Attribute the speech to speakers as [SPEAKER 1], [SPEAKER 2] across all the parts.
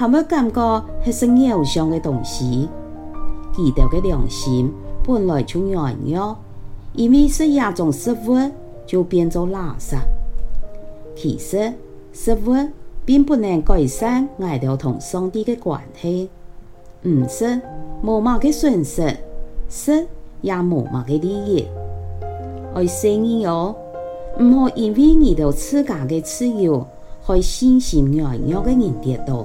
[SPEAKER 1] 還沒感覺還是偶像的東西，記得的良心本來就軟弱，以為是亞種食物就變做垃圾。其實食物並不能改善哀頭同上帝的關係，唔是無毛嘅損失，是也無毛嘅利益。愛神哦，唔好因為哀頭自家的自由，去心神軟弱的人跌倒。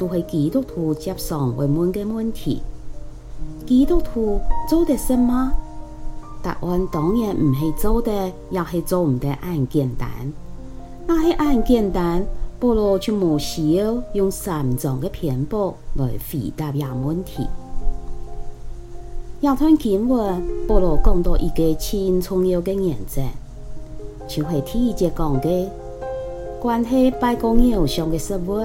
[SPEAKER 1] 都會基督徒接上為門的問題。基督徒做得什麼？答案當然唔是做得又是做唔得咁簡單。那係咁簡單，保羅就冇需要用三張的篇幅來回答人問題。要天經問保羅講到一個千重要的原則，就會第一節講嘅，關係拜公偶像的食物。